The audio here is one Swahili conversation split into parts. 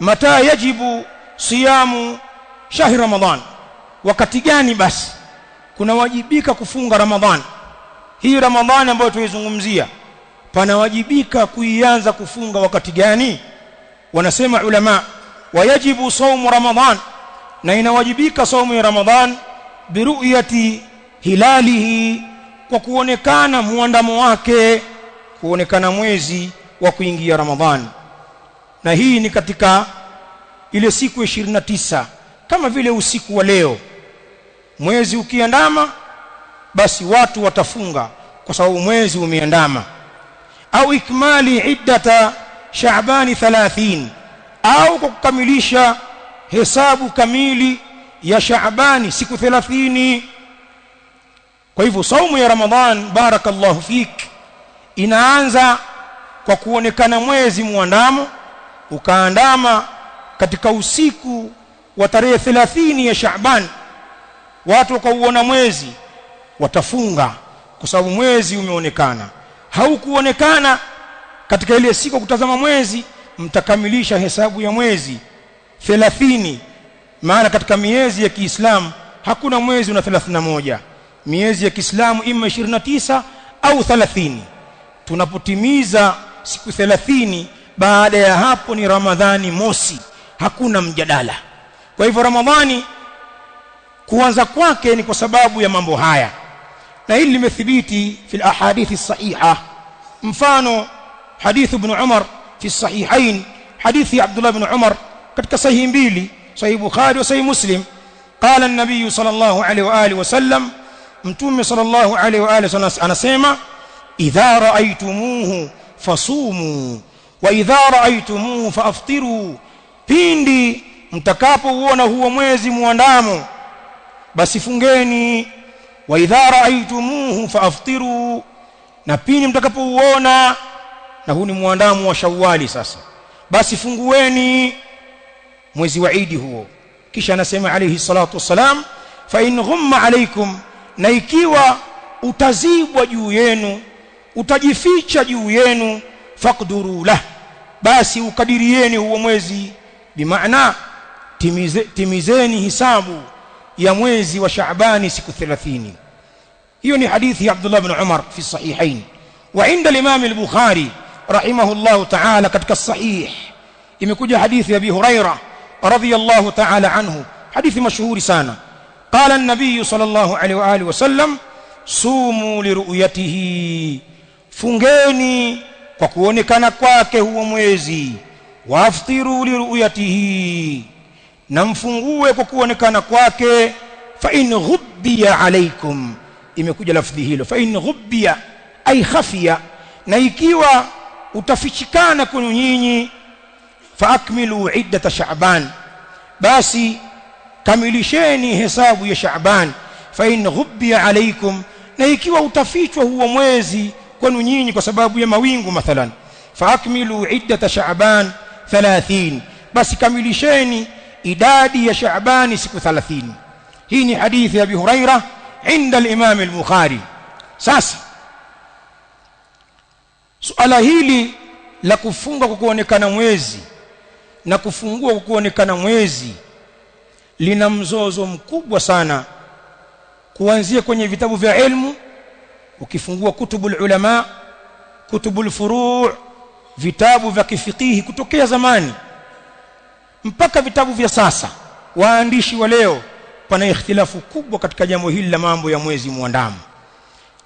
mata yajibu siyamu shahri ramadhan wakati gani basi kunawajibika kufunga ramadhan hii ramadhan ambayo tuizungumzia panawajibika kuianza kufunga wakati gani wanasema ulama wayajibu saumu ramadhan na inawajibika saumu ya ramadhan biruyati hilalihi kwa kuonekana muandamo wake kuonekana mwezi wa kuingia ramadhani na hii ni katika ile siku ya 29 kama vile usiku wa leo mwezi ukiandama basi watu watafunga kwa sababu mwezi umeandama au ikmali iddata shaabani 30 au kwa kukamilisha hesabu kamili ya shaabani siku 30 kwa hivyo saumu ya ramadhan barakallahu fik inaanza kwa kuonekana mwezi muandamo ukaandama katika usiku wa tarehe 30 ya Shaaban watu wakauona mwezi watafunga kwa sababu mwezi umeonekana haukuonekana katika ile siku kutazama mwezi mtakamilisha hesabu ya mwezi 30 maana katika miezi ya Kiislamu hakuna mwezi una 31 miezi ya Kiislamu ima 29 au 30 tunapotimiza siku baada ya hapo ni ramadhani mosi hakuna mjadala kwa hivyo ramadhani kuanza kwake ni kwa sababu ya mambo haya na hili limethibiti fil ahadithi sahiha mfano hadith ibn Umar fi sahihain hadithi Abdullah ibn Umar katika sahihi mbili sahih Bukhari wa sahih Muslim qala an-nabiy sallallahu alayhi wa alihi wasallam mtume sallallahu alayhi wa alihi anasema idha ra'aytumuhu fasumu wa idha raaitumuhu faaftiru pindi mtakapouona huo mwezi muandamo basi fungeni wa idha raaitumuhu faaftiru na pindi mtakapouona na huu ni muandamo wa shawali sasa basi fungueni mwezi wa idi huo kisha anasema alayhi salatu wassalam fa in ghumma alaykum na ikiwa utazibwa juu yenu utajificha juu yenu faqduru lah basi ukadirieni huo mwezi bimaana timize, timizeni hisabu ya mwezi wa Shaabani siku 30 hiyo ni hadithi ya Abdullah ibn Umar fi sahihain wa inda al-Imam al-Bukhari rahimahullah ta'ala katika sahih imekuja hadithi ya Abi Huraira radhiyallahu ta'ala anhu hadithi mashuhuri sana قال النبي صلى الله عليه واله وسلم صوموا لرؤيته fungeni kwa kuonekana kwake huo mwezi waaftiru liruyatihi na mfungue kwa kuonekana kwake fa in ghubbiya alaykum imekuja lafdhi hilo fa in ghubbiya ay khafiya na ikiwa utafichikana kwenu nyinyi fa akmilu iddata sha'ban basi kamilisheni hesabu ya sha'ban fa in ghubbiya alaykum na ikiwa utafichwa huo mwezi kwenu nyinyi kwa sababu ya mawingu mathalan faakmilu iddata shaaban 30 basi kamilisheni idadi ya shaabani siku 30 hii ni hadithi ya abi huraira inda al-imam al-bukhari sasa suala hili la kufunga kwa kuonekana mwezi na kufungua kwa kuonekana mwezi lina mzozo mkubwa sana kuanzia kwenye vitabu vya elimu ukifungua kutubul ulama kutubul furu' vitabu vya kifikihi kutokea zamani mpaka vitabu vya sasa waandishi wa leo pana ikhtilafu kubwa katika jambo hili la mambo ya mwezi muandamu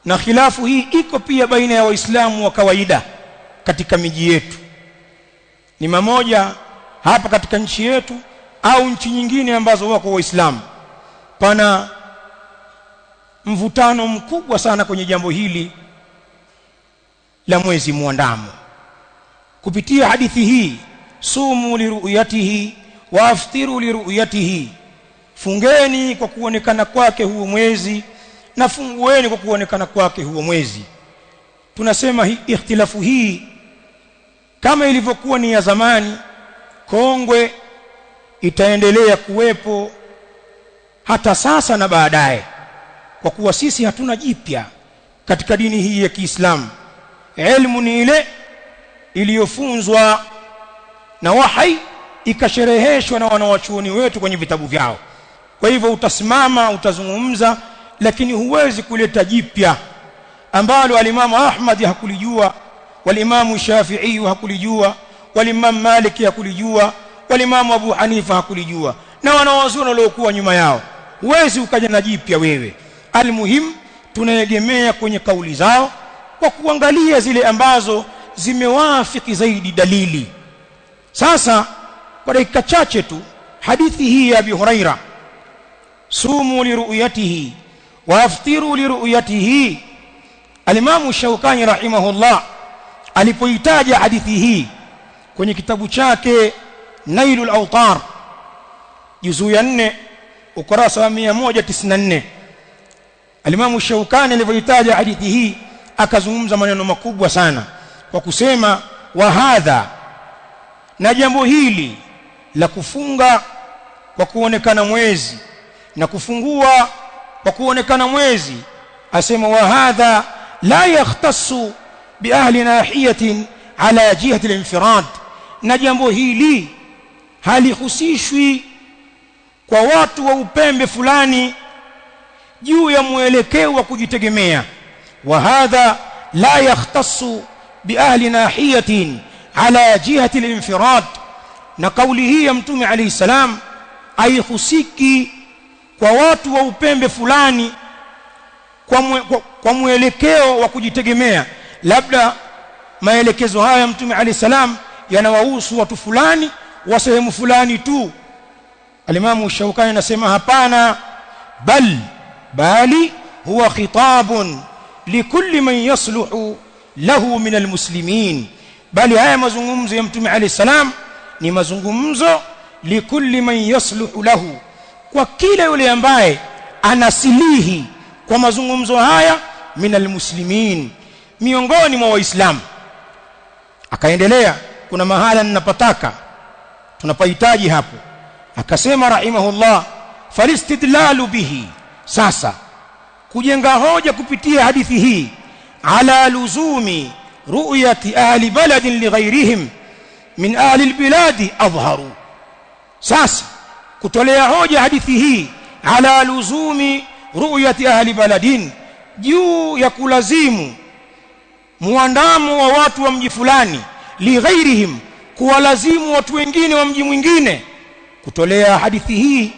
na khilafu hii iko pia baina ya waislamu wa kawaida katika miji yetu ni mamoja hapa katika nchi yetu au nchi nyingine ambazo wako waislamu pana mvutano mkubwa sana kwenye jambo hili la mwezi mwandamo kupitia hadithi hii sumu liruyatihi li liruyatihi fungeni kwa kuonekana kwake huo mwezi na fungueni kwa kuonekana kwake huo mwezi tunasema hii ikhtilafu hii kama ilivyokuwa ni ya zamani kongwe itaendelea kuwepo hata sasa na baadaye kwa kuwa sisi hatuna jipya katika dini hii ya Kiislamu. Elimu ni ile iliyofunzwa na wahai ikashereheshwa na wanawachuoni wetu kwenye vitabu vyao. Kwa hivyo utasimama, utazungumza, lakini huwezi kuleta jipya ambalo alimamu Ahmad hakulijua, walimamu Shafi'i hakulijua, walimamu Malik hakulijua, walimamu Abu Hanifa hakulijua, na wanawazuoni waliokuwa nyuma yao. Huwezi ukaja na jipya wewe almuhim tunaegemea kwenye kauli zao kwa kuangalia zile ambazo zimewafiki zaidi dalili sasa kwa dakika chache tu hadithi hii ya Abi Huraira sumu liruyatihi waaftiru liruyatihi alimamu Shaukani rahimahullah alipoitaja hadithi hii kwenye kitabu chake Nailul Awtar juzu ya 4 ukurasa wa 194 Alimamu Shaukani alivyoitaja hadithi hii akazungumza maneno makubwa sana kwa kusema wa hadha, na jambo hili la kufunga kwa kuonekana mwezi na kufungua kwa kuonekana mwezi, asema wa hadha la yakhtasu bi ahli nahiyatin ala jihati al-infirad, na jambo hili halihusishwi kwa watu wa upembe fulani juu ya mwelekeo wa kujitegemea wa hadha la yahtassu bi ahli nahiyatin ala jihati al-infirad na kauli hii ya mtume alayhi salam aihusiki kwa watu wa upembe fulani kwa, mwe, kwa, kwa mwelekeo wa kujitegemea labda maelekezo haya ya mtume alayhi salam yanawahusu watu fulani wa sehemu fulani tu alimamu shaukani anasema hapana bal bali huwa khitabun likulli man yasluhu lahu min almuslimin bali haya mazungumzo ya mtume alayhi salam ni mazungumzo likulli man yasluhu lahu kwa kila yule ambaye anasilihi kwa mazungumzo haya min almuslimin miongoni mwa waislamu akaendelea kuna mahala ninapataka tunapahitaji hapo akasema rahimahullah falistidlalu bihi sasa kujenga hoja kupitia hadithi hii ala luzumi ru'yati ahli baladin lighairihim min ahli albiladi adhharu. Sasa kutolea hoja hadithi hii ala luzumi ru'yati ahli baladin, juu ya kulazimu muandamo wa watu wa mji fulani lighairihim, kuwalazimu watu wengine wa mji mwingine kutolea hadithi hii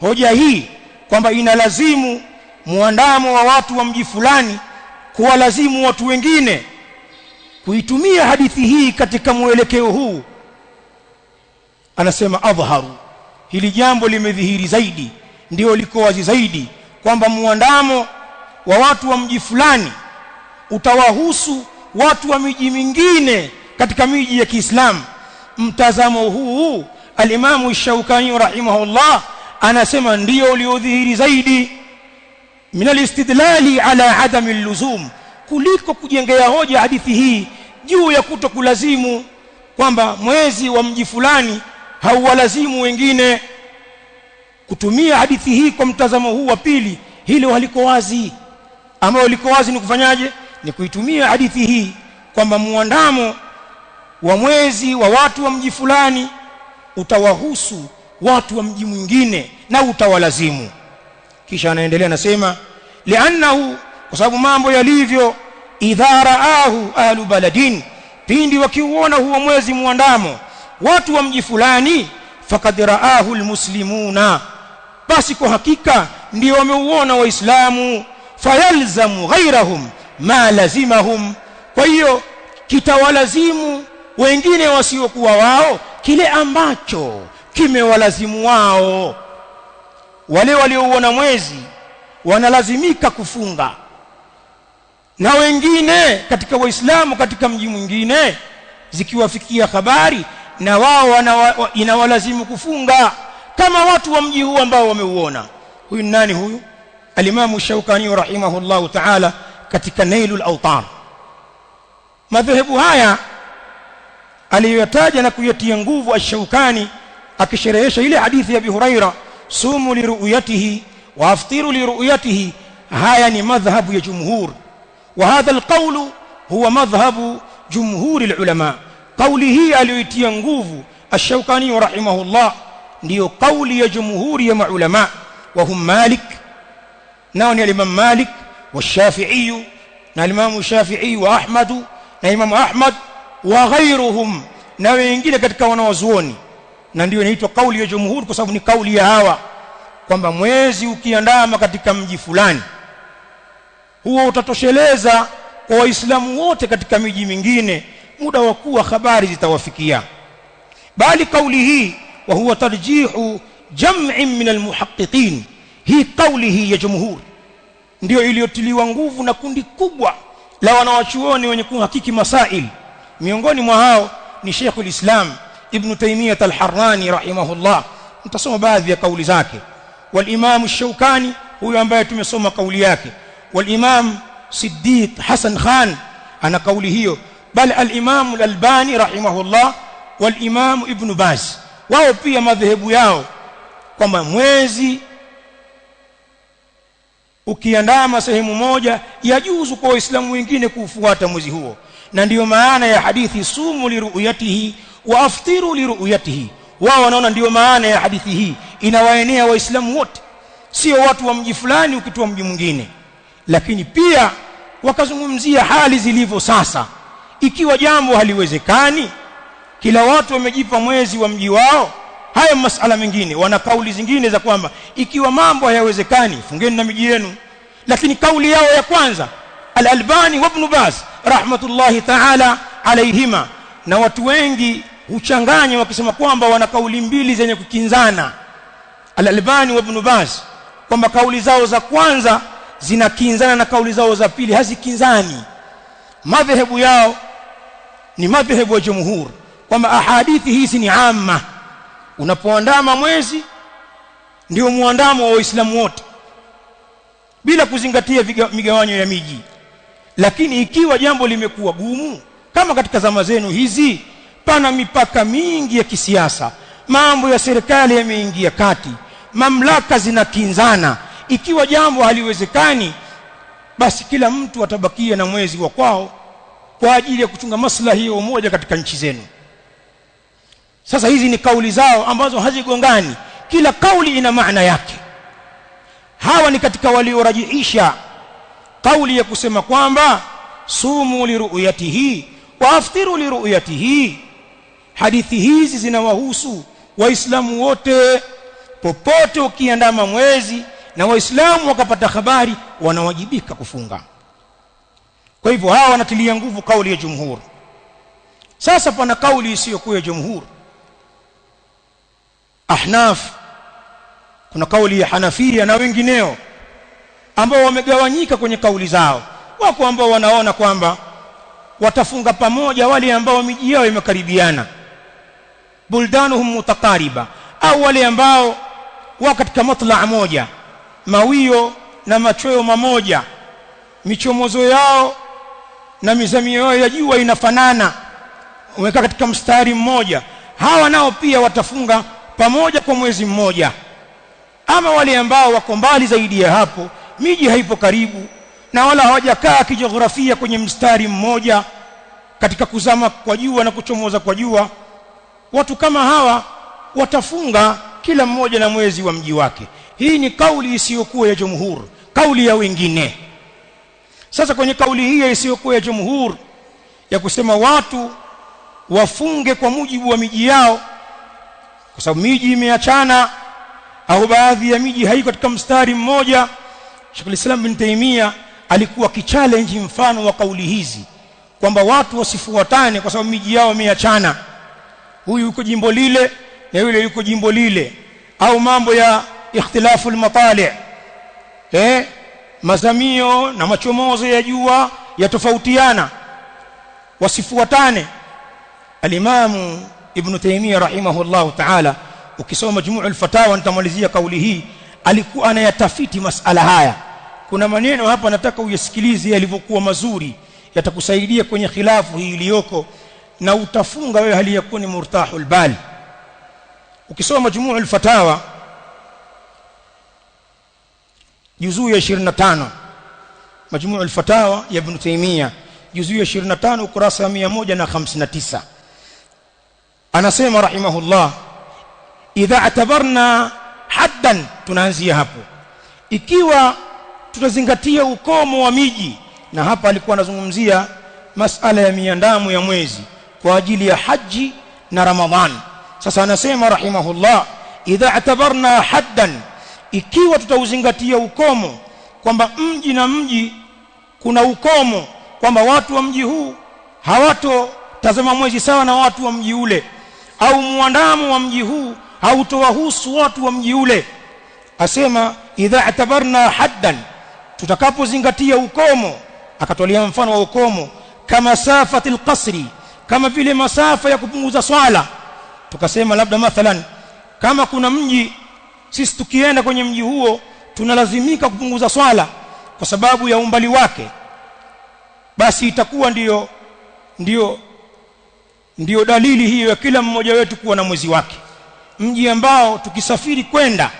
hoja hii kwamba inalazimu muandamo wa watu wa mji fulani kuwalazimu watu wengine kuitumia hadithi hii katika mwelekeo huu anasema adhharu hili jambo limedhihiri zaidi ndio liko wazi zaidi kwamba muandamo wa watu wa mji fulani utawahusu watu wa miji mingine katika miji ya Kiislamu mtazamo huu alimamu Shaukani rahimahullah anasema ndio uliodhihiri zaidi min alistidlali ala adami luzum kuliko kujengea hoja hadithi hii juu ya kuto kulazimu kwamba mwezi wa mji fulani hauwalazimu wengine kutumia hadithi hii kwa mtazamo huu wa pili hilo haliko wazi ambalo liko wazi ni kufanyaje ni kuitumia hadithi hii kwamba muandamo wa mwezi wa watu wa mji fulani utawahusu watu wa mji mwingine na utawalazimu kisha anaendelea anasema li'annahu kwa sababu mambo yalivyo idha raahu ahlu baladin pindi wakiuona huo mwezi muandamo watu wa mji fulani faqad raahu almuslimuna basi kwa hakika ndio wameuona waislamu fayalzamu ghairahum ma lazimahum kwa hiyo kitawalazimu wengine wasiokuwa wao kile ambacho kimewalazimu wao wale waliouona mwezi wanalazimika kufunga na wengine katika waislamu katika mji mwingine zikiwafikia habari na wao wa, inawalazimu kufunga kama watu wa mji huu ambao wameuona huyu nani huyu alimamu shaukani rahimahullahu taala katika nailul autar madhehebu haya aliyoyataja na kuyatia nguvu ashaukani al akisherehesha ile hadithi ya bihuraira Huraira sumu liruyatihi wa aftiru liruyatihi haya ni madhhabu ya jumhur wa hadha alqawlu huwa madhhabu jumhuri alulama qawli hi aliyoitia nguvu ash-Shawkani rahimahullah ndio qawli ya jumhur ya maulama wa hum Malik nao ni alimam malik wa shafi'i na alimam Shafi'i wa Ahmad na Imam Ahmad wa ghayruhum na wengine katika wanawazuoni na ndio inaitwa kauli ya jumhuri kwa sababu ni kauli ya hawa kwamba mwezi ukiandama katika mji fulani huo utatosheleza kwa waislamu wote katika miji mingine muda wa kuwa habari zitawafikia bali kauli hii wa huwa tarjihu jam'in min almuhaqqiqin hii kauli hii ya jumhuri ndio iliyotiliwa nguvu na kundi kubwa la wanawachuoni wenye kuhakiki masail miongoni mwa hao ni Sheikh islam ابn taymiyat alharrani rahimahullah mtasoma baadhi ya kauli zake walimamu shaukani huyu ambaye tumesoma kauli yake walimamu siddiq hasan khan ana kauli hiyo bal alimamu lalbani rahimahullah walimamu ibnu baz wao pia madhehebu yao kwamba mwezi ukiandama sehemu moja yajuzu kwa waislamu wengine kuufuata mwezi huo na ndiyo maana ya hadithi sumu liruyatihi wa aftiru liruyatihi wao wanaona ndio maana ya hadithi hii inawaenea waislamu wote sio watu wa mji fulani ukitoa mji mwingine lakini pia wakazungumzia hali zilivyo sasa ikiwa jambo haliwezekani kila watu wamejipa mwezi wa mji wao haya masala mengine wana kauli zingine za kwamba ikiwa mambo hayawezekani fungeni na miji yenu lakini kauli yao ya kwanza al-Albani wa Ibn Baz rahmatullahi ta'ala alayhima na watu wengi uchanganye wakisema kwamba wana kauli mbili zenye kukinzana Al-Albani wa Ibn Baz kwamba kauli zao za kwanza zinakinzana na kauli zao za pili hazikinzani madhehebu yao ni madhehebu ya jumhur kwamba ahadithi hizi ni amma unapoandama mwezi ndio muandamo wa waislamu wote bila kuzingatia migawanyo ya miji lakini ikiwa jambo limekuwa gumu kama katika zama zenu hizi pana mipaka mingi ya kisiasa, mambo ya serikali yameingia kati, mamlaka zinakinzana. Ikiwa jambo haliwezekani, basi kila mtu atabakia na mwezi wa kwao kwa ajili ya kuchunga maslahi ya umoja katika nchi zenu. Sasa hizi ni kauli zao ambazo hazigongani, kila kauli ina maana yake. Hawa ni katika waliorajiisha kauli ya kusema kwamba sumu liruyatihi wa aftiru liruyatihi hadithi hizi zinawahusu waislamu wote popote ukiandama mwezi na waislamu wakapata habari wanawajibika kufunga kwa hivyo hawa wanatilia nguvu kauli ya jumhur sasa pana kauli isiyo ya jumhur ahnaf kuna kauli ya hanafia na wengineo ambao wamegawanyika kwenye kauli zao wako ambao wanaona kwamba watafunga pamoja wale ambao miji yao imekaribiana buldanuhum mutaqariba au wale ambao wako katika matla moja mawio na machweo mamoja michomozo yao na mizamio yao ya jua inafanana wamekaa katika mstari mmoja hawa nao pia watafunga pamoja kwa mwezi mmoja ama wale ambao wako mbali zaidi ya hapo miji haipo karibu na wala hawajakaa kijiografia kwenye mstari mmoja katika kuzama kwa jua na kuchomoza kwa jua watu kama hawa watafunga kila mmoja na mwezi wa mji wake hii ni kauli isiyokuwa ya jumhur kauli ya wengine sasa kwenye kauli hii isiyokuwa ya jumhur ya kusema watu wafunge kwa mujibu wa miji yao kwa sababu miji imeachana au baadhi ya miji haiko katika mstari mmoja Sheikh Islam bin Taimia alikuwa kichallenge mfano wa kauli hizi kwamba watu wasifuatane kwa sababu miji yao imeachana huyu yuko jimbo lile na yule yuko jimbo lile au mambo ya ikhtilafu al-matali eh mazamio na machomozo ya jua yatofautiana wasifuatane alimamu ibn taymiyyah rahimahullahu ta'ala ukisoma majmuu al-fatawa nitamalizia kauli hii alikuwa anayatafiti masala haya kuna maneno hapa nataka uyasikilize yalivyokuwa mazuri yatakusaidia kwenye khilafu hii iliyoko na utafunga wewe hali ni murtahul bal ukisoma majmuu al-fatawa juzuu ya 25 majmuu al-fatawa ya ibn taymiya juzuu ya 25 ukurasa wa 159 anasema rahimahullah idha atabarna haddan tunaanzia hapo ikiwa tutazingatia ukomo wa miji na hapa alikuwa anazungumzia masala ya miandamu ya mwezi kwa ajili ya haji na ramadhan sasa anasema rahimahullah idha atabarna haddan ikiwa tutauzingatia ukomo kwamba mji na mji kuna ukomo kwamba watu wa mji huu hawato tazama mwezi sawa na watu wa mji ule au muandamo wa mji huu hautowahusu watu wa mji ule asema idha atabarna haddan tutakapozingatia ukomo akatolea mfano wa ukomo kama safati alqasri kama vile masafa ya kupunguza swala tukasema labda mathalan kama kuna mji sisi tukienda kwenye mji huo tunalazimika kupunguza swala kwa sababu ya umbali wake basi itakuwa ndiyo ndio ndio dalili hiyo ya kila mmoja wetu kuwa na mwezi wake mji ambao tukisafiri kwenda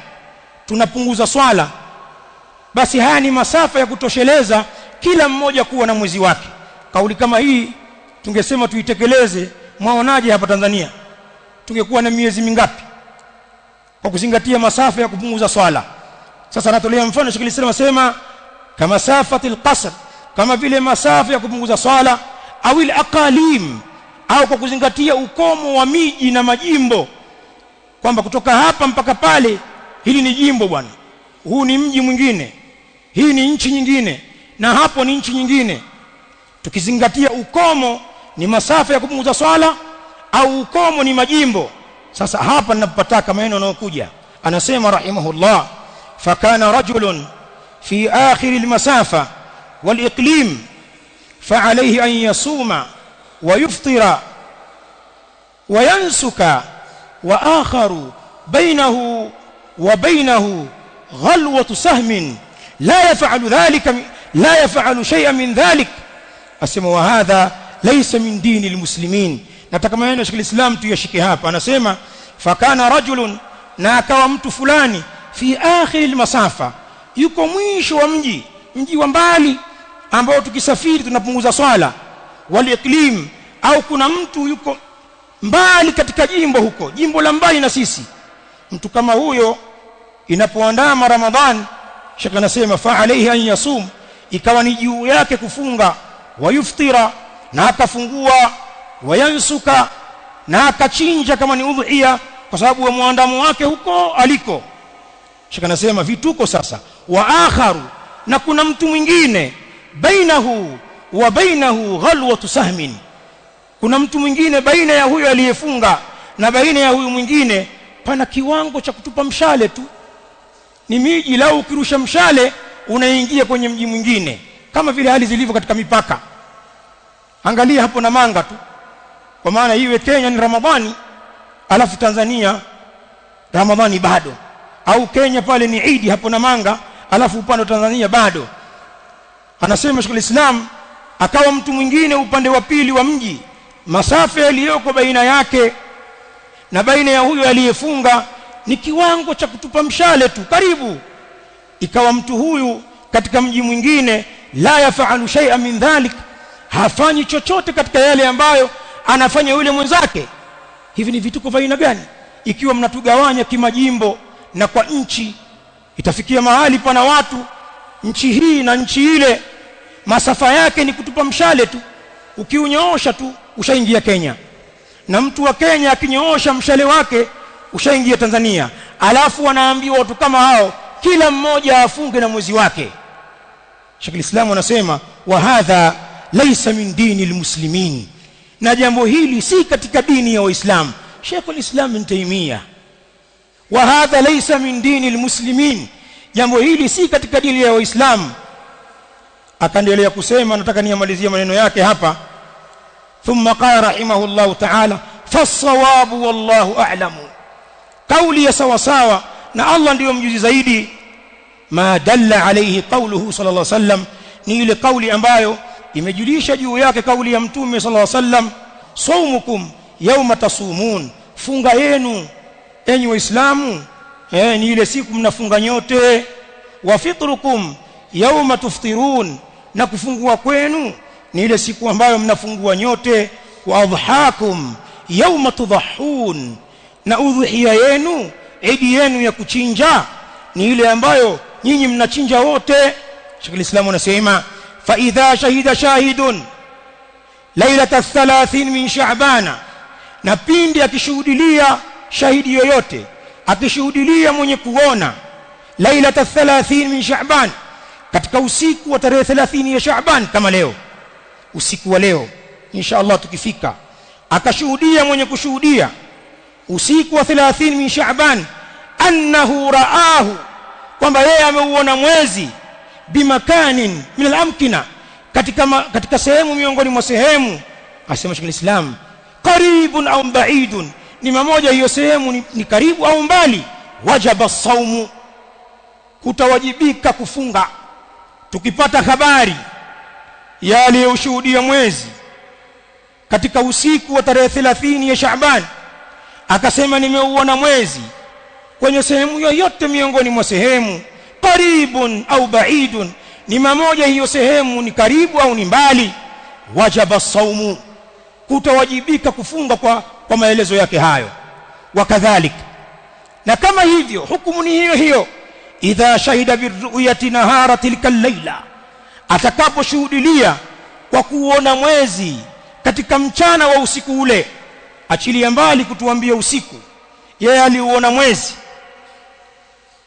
tunapunguza swala basi haya ni masafa ya kutosheleza kila mmoja kuwa na mwezi wake kauli kama hii tungesema tuitekeleze mwaonaje hapa Tanzania tungekuwa na miezi mingapi kwa kuzingatia masafa ya kupunguza swala sasa natolea mfano shikili alisema sema kama safatil qasr kama vile masafa ya kupunguza swala au ile aqalim au kwa kuzingatia ukomo wa miji na majimbo kwamba kutoka hapa mpaka pale hili ni jimbo bwana huu ni mji mwingine hii ni nchi nyingine na hapo ni nchi nyingine tukizingatia ukomo ni masafa ya kupunguza swala au ukomo ni majimbo sasa hapa ninapataka maneno yanayokuja anasema rahimahullah fakana rajulun fi akhir almasafa waliqlim فعليه أن wa akharu bainahu wa bainahu وبينه sahmin la yafalu dhalika la yafalu shay'an min dhalik asema wa hadha laysa min dini almuslimin nataka maana ya islam yashike hapa anasema fakana rajulun na akawa mtu fulani fi akhir almasafa yuko mwisho wa mji mji wa mbali ambao tukisafiri tunapunguza swala waliqlim au kuna mtu yuko mbali katika jimbo huko jimbo la mbali na sisi mtu kama huyo inapoandama ramadhan shaka anasema fa alayhi an yasum ikawa ni juu yake kufunga wayuftira na akafungua wayansuka na akachinja kama ni udhiya kwa sababu wa muandamo wake huko aliko shika nasema vituko sasa wa akharu na kuna mtu mwingine bainahu wa bainahu ghalwatu sahmin kuna mtu mwingine baina ya huyo aliyefunga na baina ya huyu mwingine pana kiwango cha kutupa mshale tu ni miji lao ukirusha mshale unaingia kwenye mji mwingine kama vile hali zilivyo katika mipaka angalia hapo na manga tu kwa maana iwe Kenya ni Ramadhani alafu Tanzania Ramadhani bado au Kenya pale ni Idi hapo na manga alafu upande wa Tanzania bado anasema shule Islam akawa mtu mwingine upande wa pili wa mji masafa yaliyoko baina yake na baina ya huyo aliyefunga ni kiwango cha kutupa mshale tu karibu ikawa mtu huyu katika mji mwingine la yafalu shay'an min dhalik hafanyi chochote katika yale ambayo anafanya yule mwenzake hivi ni vituko vya aina gani ikiwa mnatugawanya kimajimbo na kwa nchi itafikia mahali pana watu nchi hii na nchi ile masafa yake ni kutupa mshale tu ukiunyoosha tu ushaingia Kenya na mtu wa Kenya akinyoosha mshale wake ushaingia Tanzania alafu wanaambiwa watu kama hao kila mmoja afunge na mwezi wake Sheikh Islam anasema wa hadha laisa min dini lmuslimin na jambo hili si katika dini ya waislamu sheikh lislam bin taimia wa hadha laisa min dini lmuslimin jambo hili si katika dini ya waislam akaendelea kusema nataka niyamalizie maneno yake hapa thumma qala rahimahullahu ta'ala fasawabu wallahu a'lamu kauli ya sawasawa na Allah ndiyo mjuzi zaidi ma dalla alayhi qawluhu sallallahu alayhi wasallam ni ile kauli ambayo imejulisha juu yake kauli ya mtume sallallahu alaihi wasallam saumukum yauma tasumun funga yenu enyi waislamu eh ni ile siku mnafunga nyote wa fitrukum yauma tuftirun na kufungua kwenu ni ile siku ambayo mnafungua nyote wa adhahakum yauma tudhahun na udhuhia yenu idi yenu ya kuchinja ni ile ambayo nyinyi mnachinja wote shukrani islamu anasema فاذا شهد شاهد ليله الثلاثين من شعبان na pindi akishuhudilia shahidi yoyote akishuhudilia mwenye kuona lailata 30 min sha'ban katika usiku wa tarehe 30 ya sha'ban kama leo usiku wa leo insha Allah tukifika akashuhudia mwenye kushuhudia usiku wa 30 min sha'ban annahu raahu kwamba yeye ameuona mwezi bimakanin min alamkina katika, ma, katika sehemu miongoni mwa sehemu asema Sheikh Islam qaribun au baidun ni mamoja hiyo sehemu ni, ni karibu au mbali wajaba saumu kutawajibika kufunga tukipata habari yaliyoshuhudia mwezi katika usiku wa tarehe 30 ya Shaaban akasema nimeuona mwezi kwenye sehemu yoyote miongoni mwa sehemu qaribun au baidun ni mamoja hiyo sehemu ni karibu au ni mbali wajaba saumu kutawajibika kufunga kwa, kwa maelezo yake hayo wakadhalik na kama hivyo hukumu ni hiyo hiyo idha shahida birru'yati nahara tilka laila atakaposhuhudilia kwa kuona mwezi katika mchana wa usiku ule achilia mbali kutuambia usiku yeye aliuona mwezi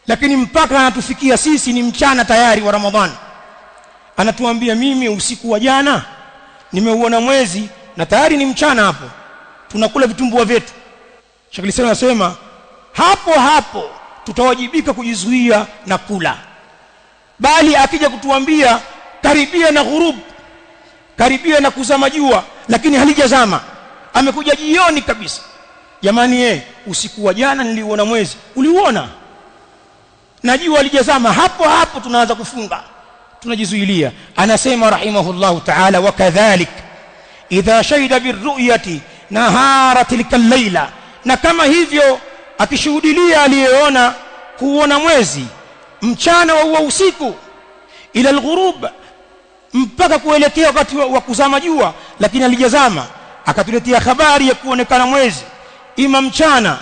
lakini mpaka anatufikia sisi ni mchana tayari wa Ramadhani. Anatuambia mimi usiku wa jana nimeuona mwezi na tayari ni mchana, hapo tunakula vitumbua vyetu. Sheikh anasema hapo hapo tutawajibika kujizuia na kula, bali akija kutuambia karibia na ghurubu, karibia na kuzama jua, lakini halijazama, amekuja jioni kabisa. Jamani, ye eh, usiku wa jana niliuona mwezi. Uliuona? na jua lijazama hapo hapo tunaanza kufunga tunajizuilia anasema rahimahullahu ta'ala wakadhalik idha shahida birru'yati nahara tilka layla na kama hivyo akishuhudilia aliyeona kuona mwezi mchana wa huo usiku ila alghurub mpaka kuelekea wakati wa kuzama jua lakini alijazama akatuletea habari ya kuonekana mwezi ima mchana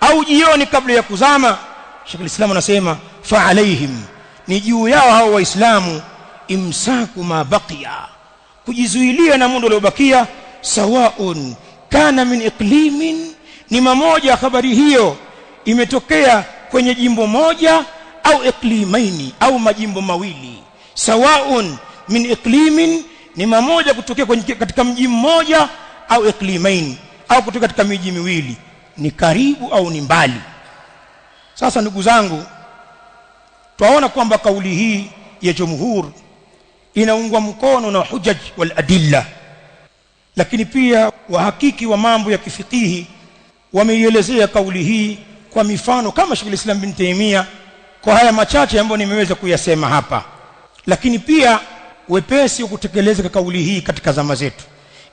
au jioni kabla ya kuzama Sheikh Islam anasema fa alaihim, ni juu yao hao Waislamu, imsaku ma baqiya, kujizuilia na mundo uliobakia, sawaun kana min iqlimin, ni mamoja. Habari hiyo imetokea kwenye jimbo moja au iqlimaini, au majimbo mawili. Sawaun min iqlimin, ni mamoja kutokea kwenye katika mji mmoja au iqlimaini, au kutoka katika miji miwili, ni karibu au ni mbali sasa ndugu zangu twaona kwamba kauli hii ya jumhur inaungwa mkono na hujaj wal adilla lakini pia wahakiki wa mambo ya kifikihi wameielezea kauli hii kwa mifano kama Sheikh Islam bin Taimia kwa haya machache ambayo nimeweza kuyasema hapa lakini pia wepesi wa kutekeleza kauli hii katika zama zetu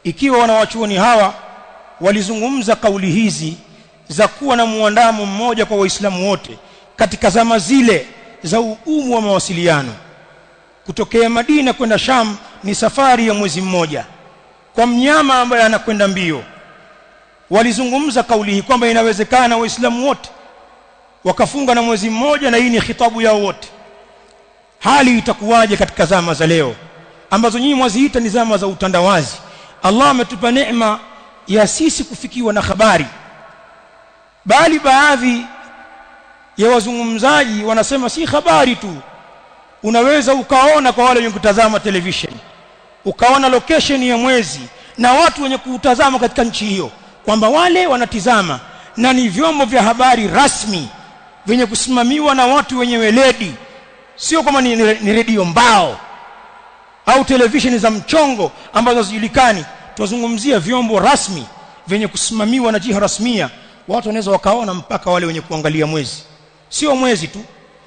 ikiwa wanawachuoni hawa walizungumza kauli hizi za kuwa na muandamo mmoja kwa waislamu wote katika zama zile za uumu wa mawasiliano kutokea Madina kwenda Sham ni safari ya mwezi mmoja kwa mnyama ambaye anakwenda mbio walizungumza kauli hii kwamba inawezekana waislamu wote wakafunga na mwezi mmoja na hii ni khitabu yao wote hali itakuwaje katika zama za leo ambazo nyinyi mwaziita ni zama za utandawazi Allah ametupa neema ya sisi kufikiwa na habari bali baadhi ya wazungumzaji wanasema si habari tu unaweza ukaona kwa wale wenye kutazama television ukaona location ya mwezi na watu wenye kutazama katika nchi hiyo kwamba wale wanatizama na ni vyombo vya habari rasmi vyenye kusimamiwa na watu wenye weledi sio kama ni, ni redio mbao au televisheni za mchongo ambazo hazijulikani tunazungumzia vyombo rasmi vyenye kusimamiwa na jiha rasmia watu wanaweza wakaona mpaka wale wenye kuangalia mwezi sio mwezi tu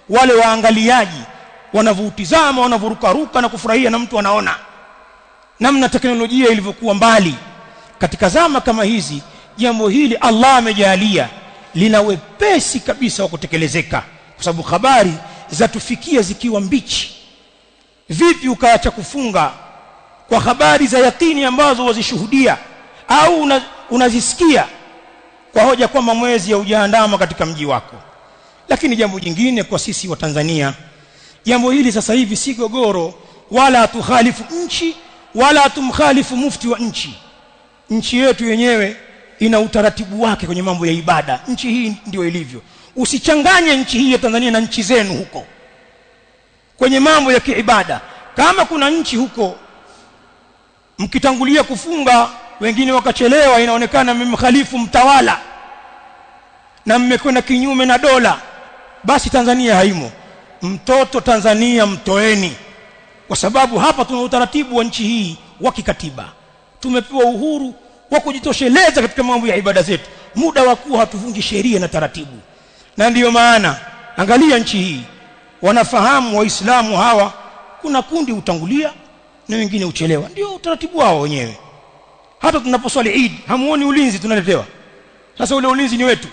wale waangaliaji wanavutizama wanavurukaruka na kufurahia na mtu anaona namna teknolojia ilivyokuwa mbali katika zama kama hizi jambo hili Allah amejalia lina wepesi kabisa wa kutekelezeka kwa sababu habari zatufikia zikiwa mbichi vipi ukaacha kufunga kwa habari za yakini ambazo wazishuhudia au unazisikia una kwa hoja kwamba mwezi haujaandama katika mji wako lakini jambo jingine kwa sisi wa Tanzania jambo hili sasa hivi si gogoro wala tukhalifu nchi wala tumkhalifu mufti wa nchi nchi yetu yenyewe ina utaratibu wake kwenye mambo ya ibada nchi hii ndio ilivyo usichanganye nchi hii ya Tanzania na nchi zenu huko kwenye mambo ya kiibada kama kuna nchi huko mkitangulia kufunga wengine wakachelewa inaonekana mmemkhalifu mtawala na mmekwenda kinyume na dola basi Tanzania haimo mtoto Tanzania mtoeni kwa sababu hapa tuna utaratibu wa nchi hii wa kikatiba tumepewa uhuru wa kujitosheleza katika mambo ya ibada zetu muda wa kuwa hatuvunji sheria na taratibu na ndiyo maana angalia nchi hii wanafahamu waislamu hawa kuna kundi hutangulia na wengine uchelewa ndio utaratibu wao wenyewe hata tunaposwali Eid hamuoni ulinzi tunaletewa sasa ule ulinzi ni wetu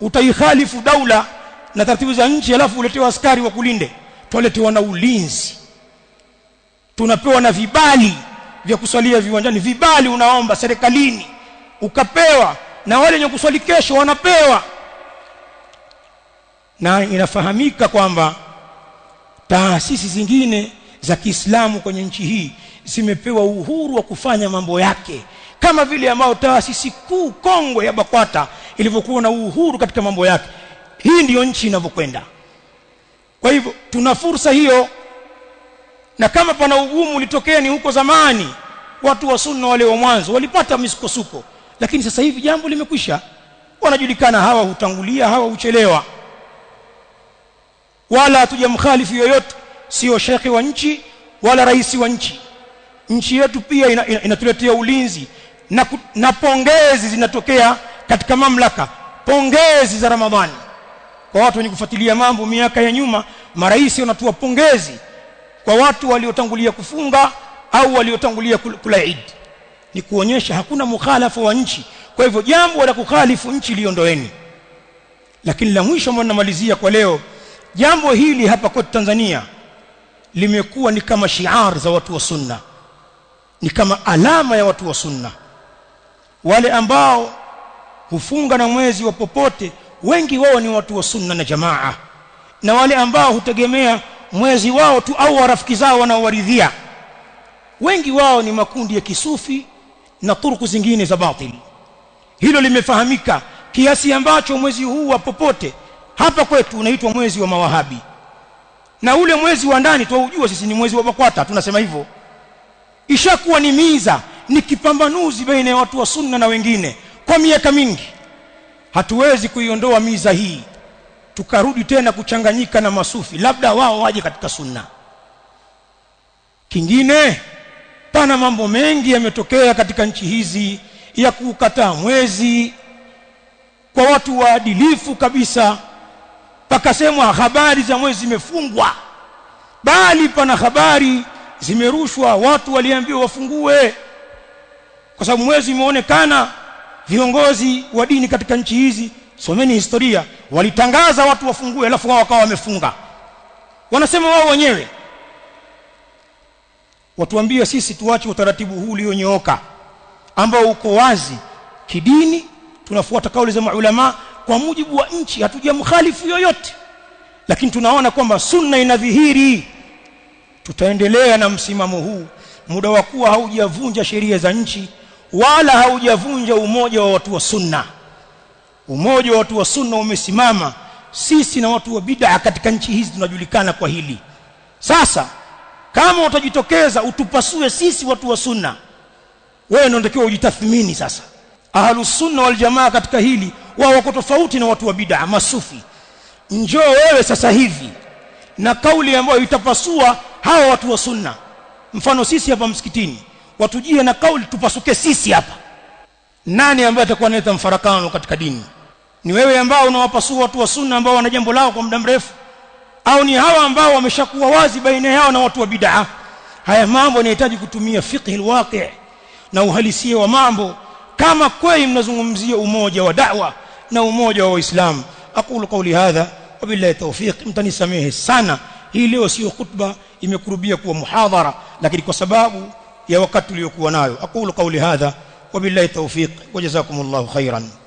utaikhalifu daula na taratibu za nchi alafu uletewa askari wa kulinde twaletewa na ulinzi tunapewa na vibali vya kuswalia viwanjani vibali unaomba serikalini ukapewa na wale wenye kuswali kesho wanapewa na inafahamika kwamba taasisi zingine za Kiislamu kwenye nchi hii zimepewa uhuru wa kufanya mambo yake kama vile ambayo taasisi kuu kongwe ya BAKWATA ilivyokuwa na uhuru katika mambo yake. Hii ndiyo nchi inavyokwenda. Kwa hivyo tuna fursa hiyo, na kama pana ugumu ulitokea ni huko zamani, watu wa sunna wale wa mwanzo walipata misukosuko, lakini sasa hivi jambo limekwisha, wanajulikana. Hawa hutangulia, hawa huchelewa, wala hatujamkhalifu yoyote, sio shekhi wa nchi wala rais wa nchi nchi yetu pia inatuletea ina, ina ulinzi na, na pongezi zinatokea katika mamlaka pongezi za Ramadhani kwa watu wenye kufuatilia mambo miaka ya nyuma marais wanatua pongezi kwa watu waliotangulia kufunga au waliotangulia kula Eid ni kuonyesha hakuna mukhalafu wa nchi kwa hivyo jambo la kukhalifu nchi liondoeni lakini la mwisho ambao namalizia kwa leo jambo hili hapa kwa Tanzania limekuwa ni kama shiar za watu wa sunna ni kama alama ya watu wa sunna wale ambao hufunga na mwezi wa popote wengi wao ni watu wa sunna na jamaa na wale ambao hutegemea mwezi wao tu au warafiki zao wanaowaridhia wengi wao ni makundi ya kisufi na turuku zingine za batili hilo limefahamika kiasi ambacho mwezi huu wa popote hapa kwetu unaitwa mwezi wa mawahabi na ule mwezi wa ndani tuwaujua sisi ni mwezi wa bakwata tunasema hivyo ishakuwa ni miza ni kipambanuzi baina ya watu wa sunna na wengine kwa miaka mingi hatuwezi kuiondoa miza hii tukarudi tena kuchanganyika na masufi labda wao waje katika sunna kingine pana mambo mengi yametokea katika nchi hizi ya kukataa mwezi kwa watu waadilifu kabisa pakasemwa habari za mwezi zimefungwa bali pana habari zimerushwa watu waliambiwa wafungue kwa sababu mwezi imeonekana viongozi wa dini katika nchi hizi someni historia walitangaza watu wafungue alafu wao wakawa wamefunga wanasema wao wenyewe watuambia sisi tuache utaratibu huu ulionyooka ambao uko wazi kidini tunafuata kauli za maulama kwa mujibu wa nchi hatujamkhalifu yoyote lakini tunaona kwamba sunna inadhihiri tutaendelea na msimamo huu muda wa kuwa haujavunja sheria za nchi wala haujavunja umoja wa watu wa sunna umoja wa watu wa sunna umesimama sisi na watu wa bid'a katika nchi hizi tunajulikana kwa hili sasa kama utajitokeza utupasue sisi watu wa sunna wewe unatakiwa ujitathmini sasa ahlus sunna wal jamaa katika hili wao wako tofauti na watu wa bid'a masufi njoo wewe sasa hivi na kauli ambayo itapasua hawa watu wa sunna mfano sisi hapa msikitini watujie na kauli tupasuke sisi hapa nani ambaye atakuwa analeta mfarakano katika dini ni wewe ambao unawapasua watu wa sunna ambao wana jambo lao kwa muda mrefu au ni hawa ambao wameshakuwa wazi baina yao na watu wa bid'a haya mambo yanahitaji kutumia fiqh alwaqi' na uhalisia wa mambo kama kweli mnazungumzia umoja wa da'wa na umoja wa waislamu aqulu qawli hadha billahi tawfiq mtanisamehe sana hii leo sio khutba imekurubia kuwa muhadhara lakini kwa sababu ya wakati uliokuwa nayo aqulu qawli hadha wabillahi tawfiq wajazakumullahu khairan